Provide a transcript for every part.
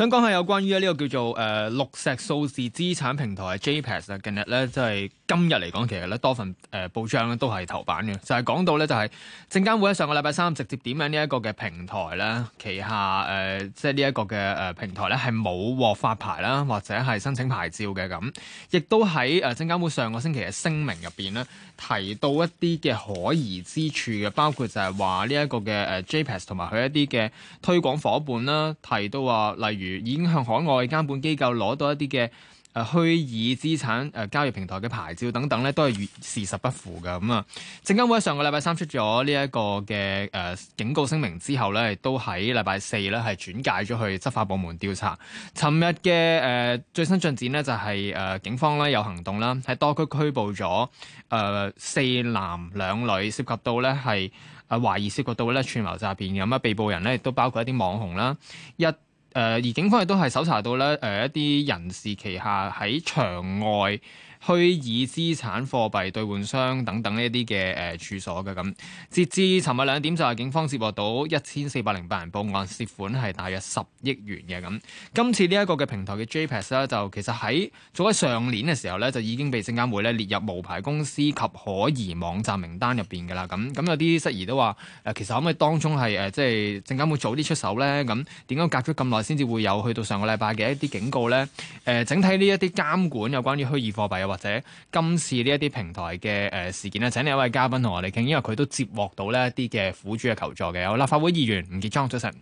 想講下有關於呢個叫做誒、呃、綠石數字資產平台嘅 JPEX 啊， 近日咧即係今日嚟講，其實咧多份誒、呃、報章咧都係頭版嘅，就係、是、講到咧就係證監會喺上個禮拜三直接點名呢一個嘅平台咧，旗下誒即係呢一個嘅誒平台咧係冇獲發牌啦，或者係申請牌照嘅咁，亦都喺誒證監會上個星期嘅、呃就是呃呃、聲明入邊咧。.提到一啲嘅可疑之處嘅，包括就係話呢一個嘅誒 JPEX 同埋佢一啲嘅推廣伙伴啦，提到話例如已經向海外監管機構攞到一啲嘅。誒虛擬資產誒、呃、交易平台嘅牌照等等咧，都係與事實不符嘅咁啊！證監會喺上個禮拜三出咗呢一個嘅誒、呃、警告聲明之後咧，都喺禮拜四咧係轉介咗去執法部門調查。尋日嘅誒、呃、最新進展咧，就係、是、誒、呃、警方咧有行動啦，喺多區拘捕咗誒、呃、四男兩女，涉及到咧係誒懷疑涉及到咧串謀詐騙咁啊。被捕人咧亦都包括一啲網紅啦，一。誒而警方亦都係搜查到咧，誒一啲人士旗下喺場外虛擬資產貨幣兌換商等等呢一啲嘅誒處所嘅咁，截至尋日兩點就係警方接獲到一千四百零八人報案，涉款係大約十億元嘅咁、嗯。今次呢一個嘅平台嘅 JPEX 咧，就其實喺早喺上年嘅時候咧，就已經被證監會咧列入無牌公司及可疑網站名單入邊㗎喇。咁、嗯、咁、嗯、有啲質疑都話誒、呃，其實可唔可以當中係誒、呃、即係證監會早啲出手咧？咁點解隔咗咁耐先至會有去到上個禮拜嘅一啲警告咧？誒、呃，整體呢一啲監管有關於虛擬貨幣或者今次呢一啲平台嘅誒事件咧，請另一位嘉賓同我哋傾，因為佢都接獲到呢一啲嘅苦主嘅求助嘅。有立法會議員吳傑莊，早晨上，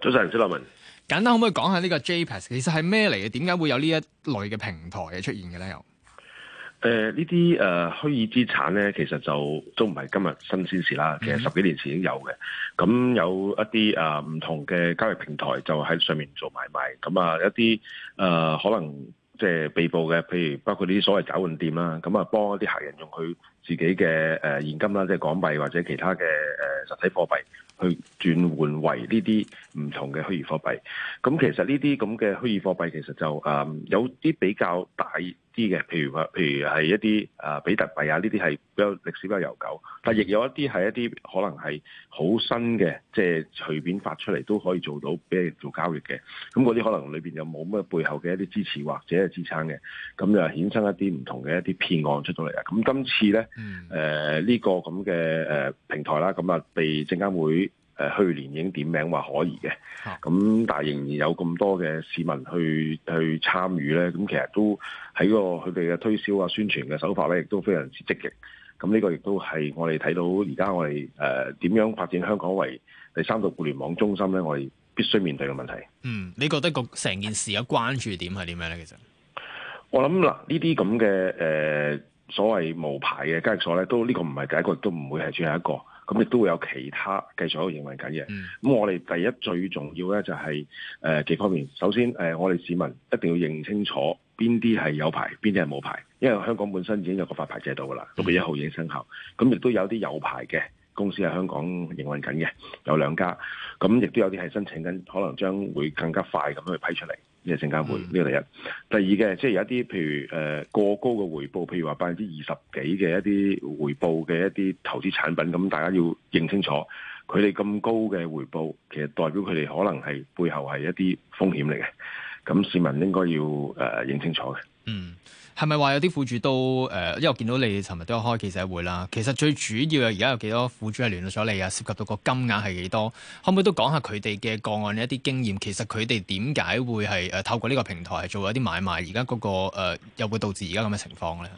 早晨，小立文，簡單可唔可以講下呢個 JPEX 其實係咩嚟嘅？點解會有呢一類嘅平台嘅出現嘅咧？又誒呢啲誒虛擬資產咧，其實就都唔係今日新鮮事啦。其實十幾年前已經有嘅，咁有一啲誒唔同嘅交易平台就喺上面做買賣，咁啊一啲誒、呃、可能。即係被捕嘅，譬如包括呢啲所謂找換店啦，咁啊幫一啲客人用佢自己嘅誒現金啦，即係港幣或者其他嘅誒實體貨幣去轉換為呢啲唔同嘅虛擬貨幣。咁其實呢啲咁嘅虛擬貨幣其實就誒有啲比較大。啲嘅，譬如話，譬如係一啲啊，比特幣啊，呢啲係比較歷史比較悠久，但亦有一啲係一啲可能係好新嘅，即係隨便發出嚟都可以做到俾你做交易嘅。咁嗰啲可能裏邊有冇乜背後嘅一啲支持或者係支撐嘅，咁就衍生一啲唔同嘅一啲騙案出到嚟、嗯呃這個、啊！咁今次咧，誒呢個咁嘅誒平台啦，咁啊被證監會。誒，去年已經點名話可以嘅，咁、啊、但係仍然有咁多嘅市民去去參與咧，咁其實都喺個佢哋嘅推銷啊、宣傳嘅手法咧，亦都非常之積極。咁、嗯、呢、呢個亦都係我哋睇到而家我哋誒點樣發展香港為第三度互聯網中心咧，我哋必須面對嘅問題。嗯，你覺得個成件事嘅關注點係點樣咧？其實我諗嗱，呢啲咁嘅誒所謂無牌嘅交易所咧，都呢、呢個唔係第一個，亦都唔會係最後一個。咁亦都會有其他繼續喺度營運緊嘅。咁、嗯嗯、我哋第一最重要咧就係、是、誒、呃、幾方面。首先誒、呃，我哋市民一定要認清楚邊啲係有牌，邊啲係冇牌。因為香港本身已經有個發牌制度噶啦，六月一號已經生效。咁、嗯、亦、嗯嗯、都有啲有牌嘅公司喺香港營運緊嘅，有兩家。咁、嗯、亦、嗯嗯、都有啲係申請緊，可能將會更加快咁去批出嚟。即係證監會呢個第一，嗯、第二嘅即係有一啲譬如誒、呃、過高嘅回報，譬如話百分之二十幾嘅一啲回報嘅一啲投資產品，咁大家要認清楚，佢哋咁高嘅回報，其實代表佢哋可能係背後係一啲風險嚟嘅，咁市民應該要誒、呃、認清楚嘅。嗯。係咪話有啲苦主都誒，因、呃、為我見到你尋日都有開記者會啦。其實最主要嘅而家有幾多苦主係聯絡咗你啊？涉及到個金額係幾多？可唔可以都講下佢哋嘅個案一啲經驗？其實佢哋點解會係誒、呃、透過呢個平台係做一啲買賣？而家嗰個誒、呃、又會導致而家咁嘅情況咧？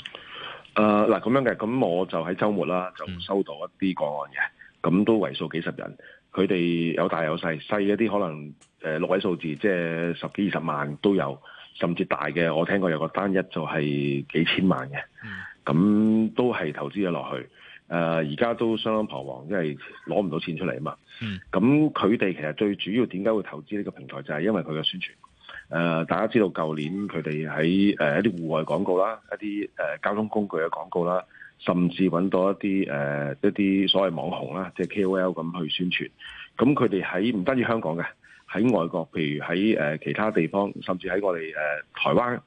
誒、呃，嗱，咁樣嘅，咁我就喺周末啦，就收到一啲個案嘅，咁、嗯、都為數幾十人。佢哋有大有細，細一啲可能誒、呃、六位數字，即係十幾二十萬都有。甚至大嘅，我聽過有個單一就係幾千萬嘅，咁都係投資咗落去。誒、呃，而家都相當彷徨，因為攞唔到錢出嚟啊嘛。咁佢哋其實最主要點解會投資呢個平台，就係因為佢嘅宣傳。誒、呃，大家知道舊年佢哋喺誒一啲戶外廣告啦，一啲誒、呃、交通工具嘅廣告啦，甚至揾到一啲誒、呃、一啲所謂網紅啦，即係 KOL 咁去宣傳。咁佢哋喺唔單止香港嘅。喺外國，譬如喺誒、呃、其他地方，甚至喺我哋誒、呃、台灣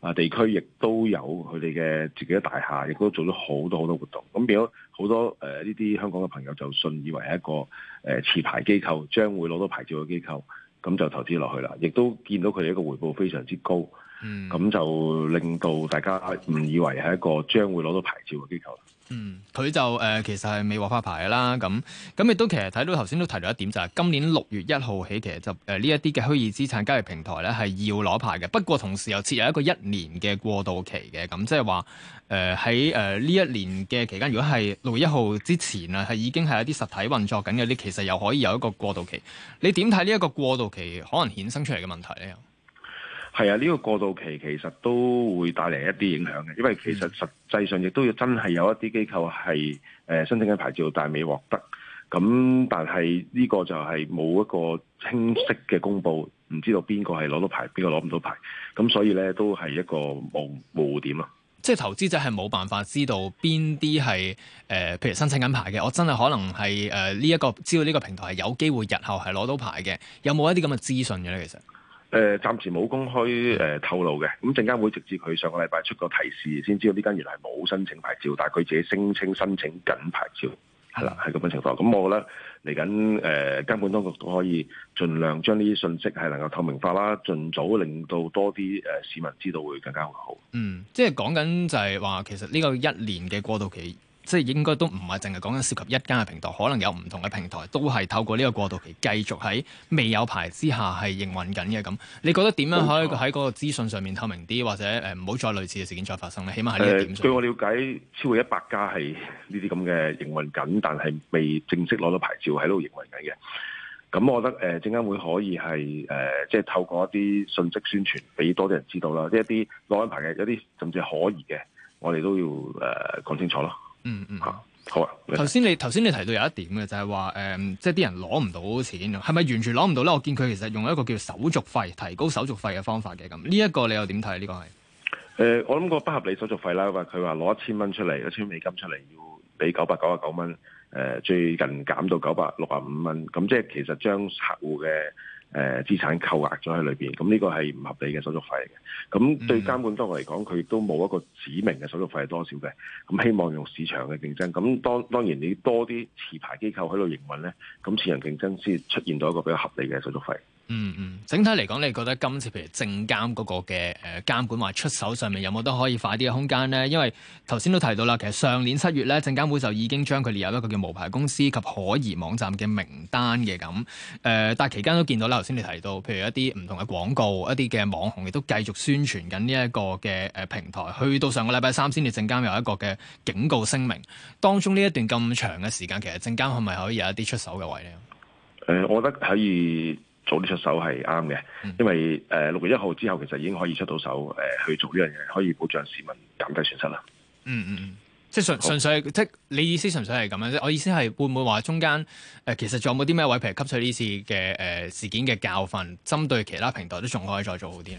啊地區，亦都有佢哋嘅自己嘅大廈，亦都做咗好多好多活動。咁變咗好多誒呢啲香港嘅朋友就信以為係一個誒、呃、持牌機構，將會攞到牌照嘅機構，咁就投資落去啦。亦都見到佢哋一個回報非常之高。嗯，咁就令到大家唔以為係一個將會攞到牌照嘅機構，嗯，佢就誒、呃，其實係未獲發牌㗎啦。咁，咁亦都其實睇到頭先都提到一點，就是，就係今年六月一號起，其實就誒呢一啲嘅虛擬資產交易平台咧係要攞牌嘅。不過同時又設有一個一年嘅過渡期嘅。咁即係話誒喺誒呢一年嘅期間，如果係六月一號之前啊，係已經係一啲實體運作緊嘅，呢其實又可以有一個過渡期。你點睇呢一個過渡期可能衍生出嚟嘅問題咧？係啊，呢個過渡期其實都會帶嚟一啲影響嘅，因為其實實際上亦都要真係有一啲機構係誒申請緊牌照，但係未獲得。咁但係呢個就係冇一個清晰嘅公佈，唔知道邊個係攞到牌，邊個攞唔到牌。咁所以咧都係一個模糊點咯。即係投資者係冇辦法知道邊啲係誒，譬如申請緊牌嘅，我真係可能係誒呢一個知道呢個平台係有機會日後係攞到牌嘅，有冇一啲咁嘅資訊嘅咧？其實？誒、呃、暫時冇公開誒、呃、透露嘅，咁證監會直至佢上個禮拜出個提示先知道呢間原來係冇申請牌照，但係佢自己聲稱申請緊牌照，係啦的，係咁嘅情況。咁、嗯、我覺得嚟緊誒，監、呃、管當局都可以盡量將呢啲信息係能夠透明化啦，盡早令到多啲誒、呃、市民知道會更加好。嗯，即係講緊就係話，其實呢個一年嘅過渡期。即係應該都唔係淨係講緊涉及一家嘅平台，可能有唔同嘅平台都係透過呢個過渡期繼續喺未有牌之下係營運緊嘅。咁你覺得點樣可以喺嗰個資訊上面透明啲，或者誒，唔好再類似嘅事件再發生咧？起碼喺呢一點，據我了解，超過一百家係呢啲咁嘅營運緊，但係未正式攞到牌照喺度營運緊嘅。咁我覺得誒陣間會可以係誒、呃、即係透過一啲信息宣傳俾多啲人知道啦，一啲攞緊牌嘅，有啲甚至可疑嘅，我哋都要誒、呃、講清楚咯。嗯嗯吓、啊，好啊。頭先你頭先你，你提到有一點嘅，就係話誒，即係啲人攞唔到錢，係咪完全攞唔到咧？我見佢其實用一個叫手續費提高手續費嘅方法嘅咁，呢一、這個你又點睇、啊？呢個係誒，我諗個不合理手續費啦，話佢話攞一千蚊出嚟，一千美金出嚟要俾九百九啊九蚊，誒、呃、最近減到九百六啊五蚊，咁即係其實將客戶嘅。誒、呃、資產扣押咗喺裏邊，咁呢個係唔合理嘅手續費嚟嘅。咁對監管當我嚟講，佢亦都冇一個指明嘅手續費係多少嘅。咁希望用市場嘅競爭，咁當當然你多啲持牌機構喺度營運呢，咁市場競爭先出現到一個比較合理嘅手續費。嗯嗯，整體嚟講，你覺得今次譬如證監嗰個嘅誒監管或出手上面有冇都可以快啲嘅空間呢？因為頭先都提到啦，其實上年七月咧，證監會就已經將佢列入一個叫無牌公司及可疑網站嘅名單嘅咁。誒、呃，但係期間都見到啦，頭先你提到，譬如一啲唔同嘅廣告、一啲嘅網紅亦都繼續宣傳緊呢一個嘅誒平台。去到上個禮拜三先至證監有一個嘅警告聲明。當中呢一段咁長嘅時間，其實證監係咪可以有一啲出手嘅位咧？誒、嗯，我覺得可以。早啲出手係啱嘅，因為誒六月一號之後其實已經可以出到手，誒、呃、去做呢樣嘢，可以保障市民減低損失啦。嗯嗯，即係純純粹，即係你意思純粹係咁樣，即我意思係會唔會話中間誒、呃？其實仲有冇啲咩位譬如吸取呢次嘅誒、呃、事件嘅教訓，針對其他平台都仲可以再做好啲咧？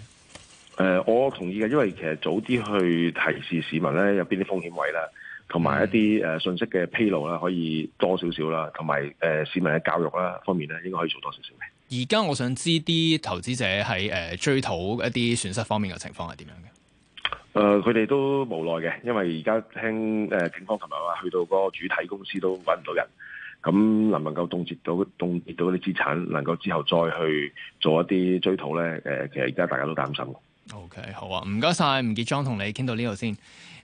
誒、呃，我同意嘅，因為其實早啲去提示市民咧，有邊啲風險位啦，同埋一啲誒、嗯呃、信息嘅披露啦，可以多少少啦，同埋誒市民嘅教育啦方面咧，應該可以做多少少嘅。嗯嗯嗯。而家我想知啲投資者喺誒追討一啲損失方面嘅情況係點樣嘅？誒、呃，佢哋都無奈嘅，因為而家聽誒、呃、警方琴日話去到嗰個主體公司都揾唔到人，咁能唔能夠凍結到凍結到啲資產，能夠之後再去做一啲追討咧？誒、呃，其實而家大家都擔心。OK，好啊，唔該晒。吳傑莊，同你傾到呢度先。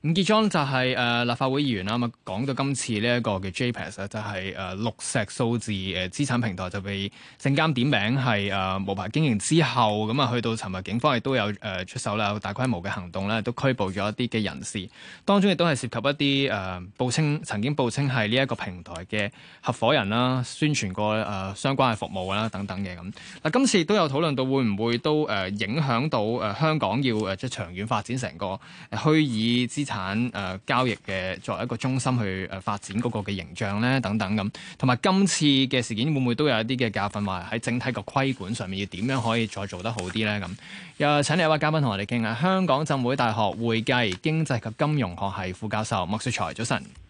吳傑莊就係、是、誒、呃、立法會議員啦，咁啊講到今次呢、這、一個嘅 JPEX 就係、是、誒、呃、綠石數字誒、呃、資產平台就被證監點名係誒、呃、無牌經營之後，咁、嗯、啊去到尋日，警方亦都有誒、呃、出手啦，有大規模嘅行動咧，都拘捕咗一啲嘅人士，當中亦都係涉及一啲誒、呃、報稱曾經報稱係呢一個平台嘅合夥人啦、呃，宣傳過誒、呃、相關嘅服務啦等等嘅咁。嗱、嗯嗯，今次亦都有討論到會唔會都誒、呃、影響到誒、呃、香港要誒即係長遠，遠發展成個虛擬資產。產誒交易嘅作為一個中心去誒發展嗰個嘅形象咧等等咁，同埋今次嘅事件會唔會都有一啲嘅教訓，話喺整體個規管上面要點樣可以再做得好啲咧咁？又請你一位嘉賓同我哋傾下，香港浸會大學會計、經濟及金融學系副教授麥萃才，早晨。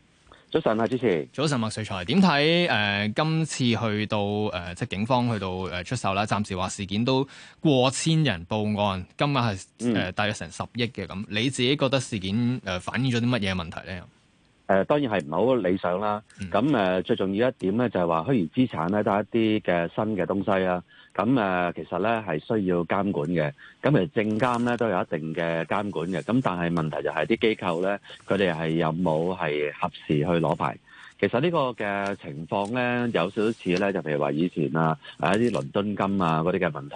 早晨啊，主持。早晨，麥萃才，點睇誒？今次去到誒、呃，即係警方去到誒、呃，出售啦。暫時話事件都過千人報案，今日係誒大約成十億嘅。咁你自己覺得事件誒、呃、反映咗啲乜嘢問題咧？誒、呃，當然係唔係好理想啦。咁誒，呃嗯、最重要一點咧就係話虛擬資產咧都係一啲嘅新嘅東西啊。咁誒，其實咧係需要監管嘅，咁誒證監咧都有一定嘅監管嘅，咁但係問題就係、是、啲機構咧，佢哋係有冇係合時去攞牌？其實呢個嘅情況呢，有少少似呢。就譬如話以前啊，啊一啲倫敦金啊嗰啲嘅問題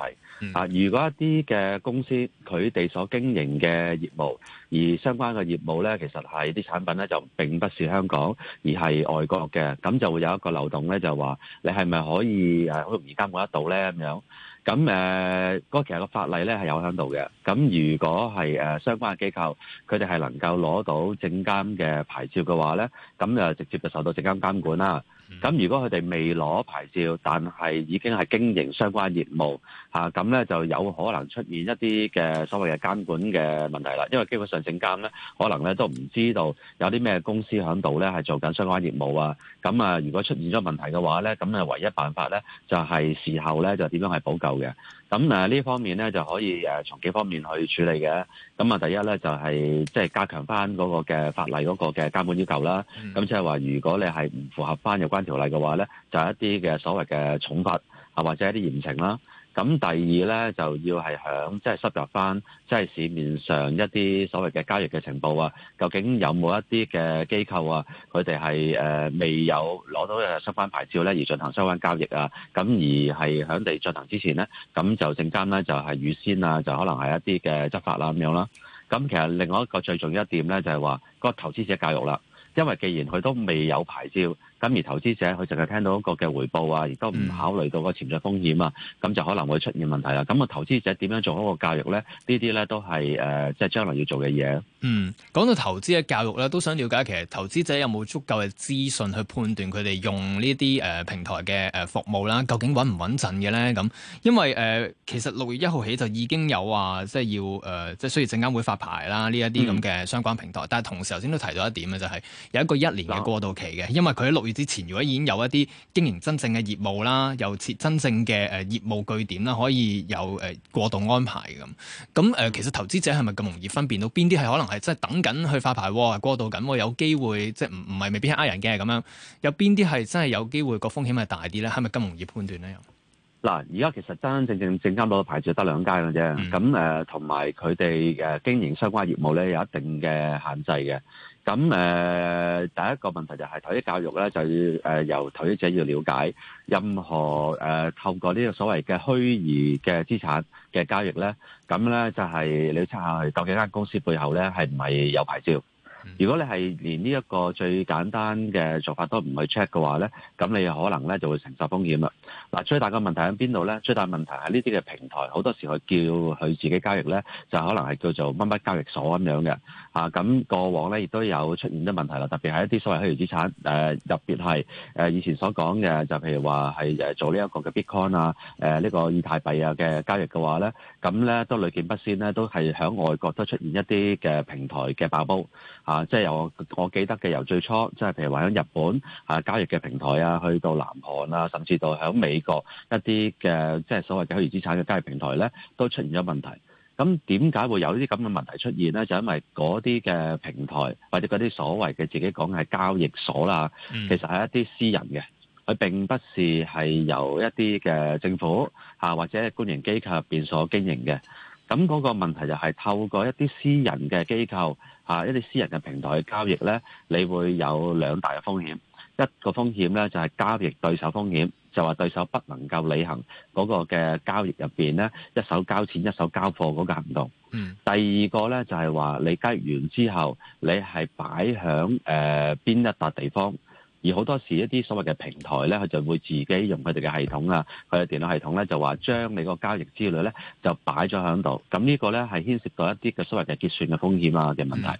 啊。如果一啲嘅公司佢哋所經營嘅業務，而相關嘅業務呢，其實係啲產品呢，就並不是香港，而係外國嘅，咁就會有一個漏洞呢，就話你係咪可以誒好容易監管得到呢？咁樣。咁誒，嗰個其實個法例咧係有喺度嘅。咁如果係誒相關嘅機構，佢哋係能夠攞到證監嘅牌照嘅話咧，咁就直接就受到證監監管啦。咁、嗯、如果佢哋未攞牌照，但係已經係經營相關業務吓，咁、啊、咧就有可能出現一啲嘅所謂嘅監管嘅問題啦。因為基本上證監咧，可能咧都唔知道有啲咩公司響度咧係做緊相關業務啊。咁啊，如果出現咗問題嘅話咧，咁啊唯一辦法咧就係事後咧就點樣去補救嘅。咁誒呢方面咧，就可以誒從幾方面去處理嘅。咁啊，第一咧就係即係加強翻嗰個嘅法例嗰個嘅監管要求啦。咁、嗯、即係話，如果你係唔符合翻有關條例嘅話咧，就係一啲嘅所謂嘅重罰啊，或者一啲嚴懲啦。咁第二咧就要係響即係收集翻即係市面上一啲所謂嘅交易嘅情報啊，究竟有冇一啲嘅機構啊，佢哋係誒未有攞到嘅收翻牌照咧而進行收翻交易啊，咁而係響地進行之前咧，咁就陣間咧就係預先啊，就可能係一啲嘅執法啦、啊、咁樣啦。咁其實另外一個最重要一點咧就係話嗰投資者教育啦，因為既然佢都未有牌照。咁而投資者佢淨係聽到一個嘅回報啊，亦都唔考慮到個潛在風險啊，咁就可能會出現問題啦。咁啊，投資者點樣做一個教育咧？呢啲咧都係誒、呃，即係將來要做嘅嘢。嗯，講到投資嘅教育咧，都想了解其實投資者有冇足夠嘅資訊去判斷佢哋用呢啲誒平台嘅誒服務啦，究竟穩唔穩陣嘅咧？咁因為誒、呃，其實六月一號起就已經有話即係要誒，即係需要證監、呃、會發牌啦，呢一啲咁嘅相關平台。嗯、但係同時頭先都提到一點嘅就係、是、有一個一年嘅過渡期嘅，因為佢喺六之前如果已經有一啲經營真正嘅業務啦，又設真正嘅誒業務據點啦，可以有誒過渡安排咁。咁誒、呃、其實投資者係咪咁容易分辨到邊啲係可能係真係等緊去發牌喎，過渡緊喎，有機會即係唔唔係未必係呃人嘅咁樣？有邊啲係真係有機會個風險係大啲咧？係咪咁容易判斷咧？嗱，而家其實真真正正正攞到牌照得兩間嘅啫。咁誒同埋佢哋誒經營相關業務咧，有一定嘅限制嘅。咁誒，第一個問題就係投資教育咧，就要誒由投資者要了解任何誒透過呢個所謂嘅虛擬嘅資產嘅交易咧，咁咧就係你要測下去究竟間公司背後咧係唔係有牌照？如果你係連呢一個最簡單嘅做法都唔去 check 嘅話咧，咁你可能咧就會承受風險啦。嗱，最大嘅問題喺邊度咧？最大問題係呢啲嘅平台好多時佢叫佢自己交易咧，就可能係叫做乜乜交易所咁樣嘅。啊，咁過往咧亦都有出現咗問題啦，特別係一啲所謂虛擬資產，誒特別係誒以前所講嘅，就是、譬如話係誒做呢一個嘅 Bitcoin 啊，誒、啊、呢、這個以太幣啊嘅交易嘅話咧，咁咧都屢見不鮮咧，都係響外國都出現一啲嘅平台嘅爆煲啊，即係由我，我記得嘅由最初即係、就是、譬如話響日本啊交易嘅平台啊，去到南韓啊，甚至到響美國一啲嘅、啊、即係所謂嘅虛擬資產嘅交易平台咧，都出現咗問題。咁點解會有呢啲咁嘅問題出現呢？就因為嗰啲嘅平台或者嗰啲所謂嘅自己講嘅係交易所啦，其實係一啲私人嘅，佢並不是係由一啲嘅政府啊或者官營機構入邊所經營嘅。咁嗰個問題就係透過一啲私人嘅機構啊，一啲私人嘅平台去交易呢，你會有兩大嘅風險。一個風險呢就係交易對手風險。就話對手不能夠履行嗰個嘅交易入邊咧，一手交錢一手交貨嗰個行動。嗯、第二個咧就係、係、話你交易完之後，你係擺響誒邊一笪地方，而好多時一啲所謂嘅平台咧，佢就會自己用佢哋嘅系統啊，佢嘅電腦系統咧就話將你個交易資料咧就擺咗響度。咁呢個咧係牽涉到一啲嘅所謂嘅結算嘅風險啊嘅問題。嗯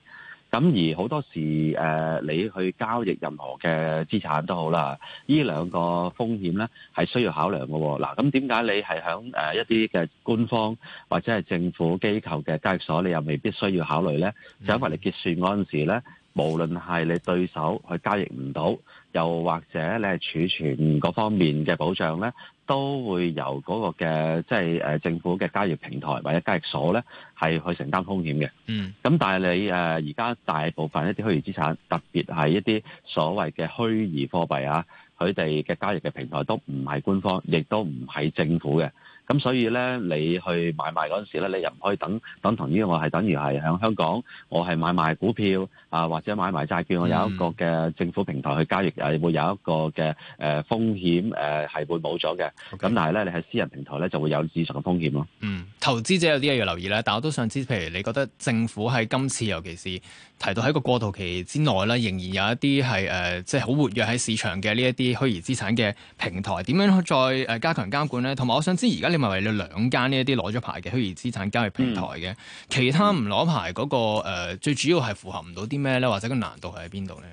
咁而好多時誒、呃，你去交易任何嘅資產都好啦，呢兩個風險咧係需要考量嘅喎、哦。嗱、啊，咁點解你係響誒一啲嘅官方或者係政府機構嘅交易所，你又未必需要考慮咧？就、嗯、因為你結算嗰陣時咧，無論係你對手去交易唔到，又或者你係儲存嗰方面嘅保障咧。都會由嗰個嘅即係誒、呃、政府嘅交易平台或者交易所咧，係去承擔風險嘅。嗯，咁但係你誒而家大部分一啲虛擬資產，特別係一啲所謂嘅虛擬貨幣啊，佢哋嘅交易嘅平台都唔係官方，亦都唔係政府嘅。咁所以咧，你去買賣嗰陣時咧，你又唔可以等等同於我係等於係喺香港，我係買賣股票啊，或者買賣債券，我有一個嘅政府平台去交易，誒、啊、會有一個嘅誒風險誒係、啊、會冇咗嘅。咁 Okay. 但係咧，你喺私人平台咧就會有市場嘅風險咯。嗯，投資者有啲嘢要留意咧，但我都想知，譬如你覺得政府喺今次，尤其是提到喺一個過渡期之內咧，仍然有一啲係誒即係好活躍喺市場嘅呢一啲虛擬資產嘅平台，點樣再誒加強監管咧？同埋，我想知而家咁咪為你兩間呢一啲攞咗牌嘅虛擬資產交易平台嘅，嗯、其他唔攞牌嗰、嗰個、呃、最主要係符合唔到啲咩咧，或者個難度係喺邊度咧？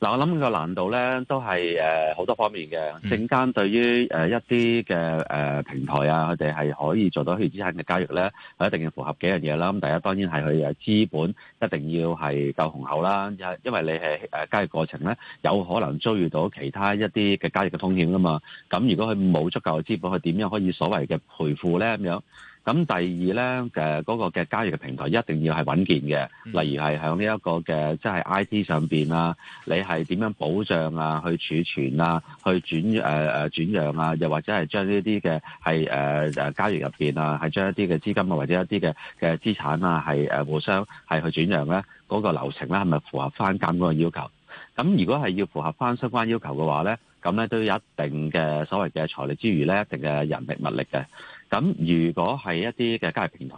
嗱，我諗個難度咧都係誒好多方面嘅。正間對於誒、呃、一啲嘅誒平台啊，佢哋係可以做到虛擬資產嘅交易咧，係一定要符合幾樣嘢啦。咁第一，當然係佢誒資本一定要係夠雄厚啦。因為你係誒交易過程咧，有可能遭遇到其他一啲嘅交易嘅風險噶嘛。咁如果佢冇足夠嘅資本，佢點樣可以所謂嘅賠付咧？咁樣？咁第二咧，誒、那、嗰個嘅交易嘅平台一定要係穩健嘅，嗯、例如係響呢一個嘅即係 IT 上邊啦、啊，你係點樣保障啊？去儲存啊？去轉誒誒、呃、轉讓啊？又或者係將呢啲嘅係誒誒交易入邊啊？係、呃、將一啲嘅資金啊，或者一啲嘅嘅資產啊，係誒互相係去轉讓咧，嗰、那個流程咧係咪符合翻監管要求？咁如果係要符合翻相關要求嘅話咧，咁咧都有一定嘅所謂嘅財力之餘咧，一定嘅人力物力嘅。咁如果係一啲嘅交易平台，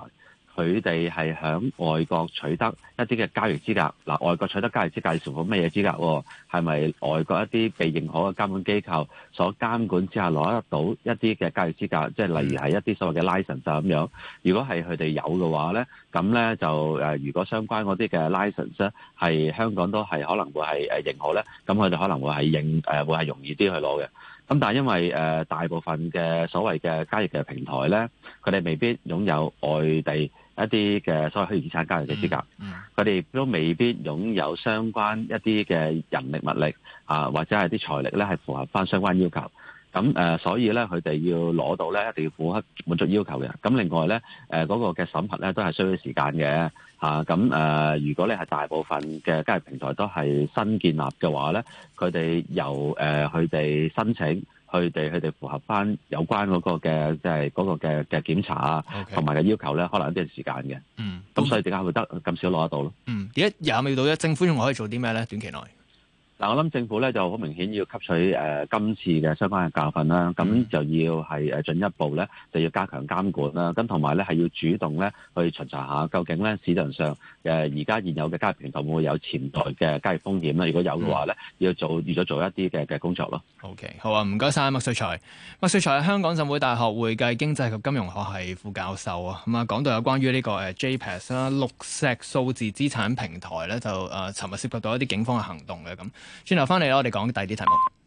佢哋係喺外國取得一啲嘅交易資格，嗱、呃、外國取得交易資格有冇咩嘢資格？係咪外國一啲被認可嘅監管機構所監管之下攞得到一啲嘅交易資格？即係例如係一啲所謂嘅 license 咁樣。如果係佢哋有嘅話咧，咁咧就誒、呃，如果相關嗰啲嘅 license 係香港都係可能會係誒認可咧，咁佢哋可能會係認誒、呃、會係容易啲去攞嘅。咁但係因為誒、呃、大部分嘅所謂嘅交易嘅平台咧，佢哋未必擁有外地一啲嘅所謂虛擬資產交易嘅資格，佢哋、嗯嗯、都未必擁有相關一啲嘅人力物力啊、呃，或者係啲財力咧係符合返相關要求。咁、嗯、誒、呃，所以咧佢哋要攞到咧，一定要符合滿足要求嘅。咁、嗯、另外咧，誒、呃、嗰、那個嘅審核咧都係需要時間嘅。啊，咁誒，如果咧係大部分嘅交易平台都係新建立嘅話咧，佢哋由誒佢哋申請，佢哋佢哋符合翻有關嗰個嘅，即係嗰個嘅嘅檢查啊，同埋嘅要求咧，可能一啲時間嘅。Okay. 嗯，咁所以點解會得咁少攞得到咯？嗯，而家廿未到啫，政府仲可以做啲咩咧？短期內？我諗政府咧就好明顯要吸取誒、呃、今次嘅相關嘅教訓啦，咁、嗯、就要係誒進一步咧，就要加強監管啦，咁同埋咧係要主動咧去巡查下，究竟咧市場上誒而家現有嘅交易平台會唔會有潛在嘅交易風險咧？如果有嘅話咧，要做預咗做，做一啲嘅嘅工作咯。OK，好啊，唔該晒。麥萃才，麥萃才係香港浸會大學會計經濟及金融學系副教授啊。咁、嗯、啊，講到有關於呢個誒 JPEX 啦，ASS, 綠石數字資產平台咧，就誒尋、呃、日涉及到一啲警方嘅行動嘅咁。轉頭翻嚟，我哋講第二啲題目。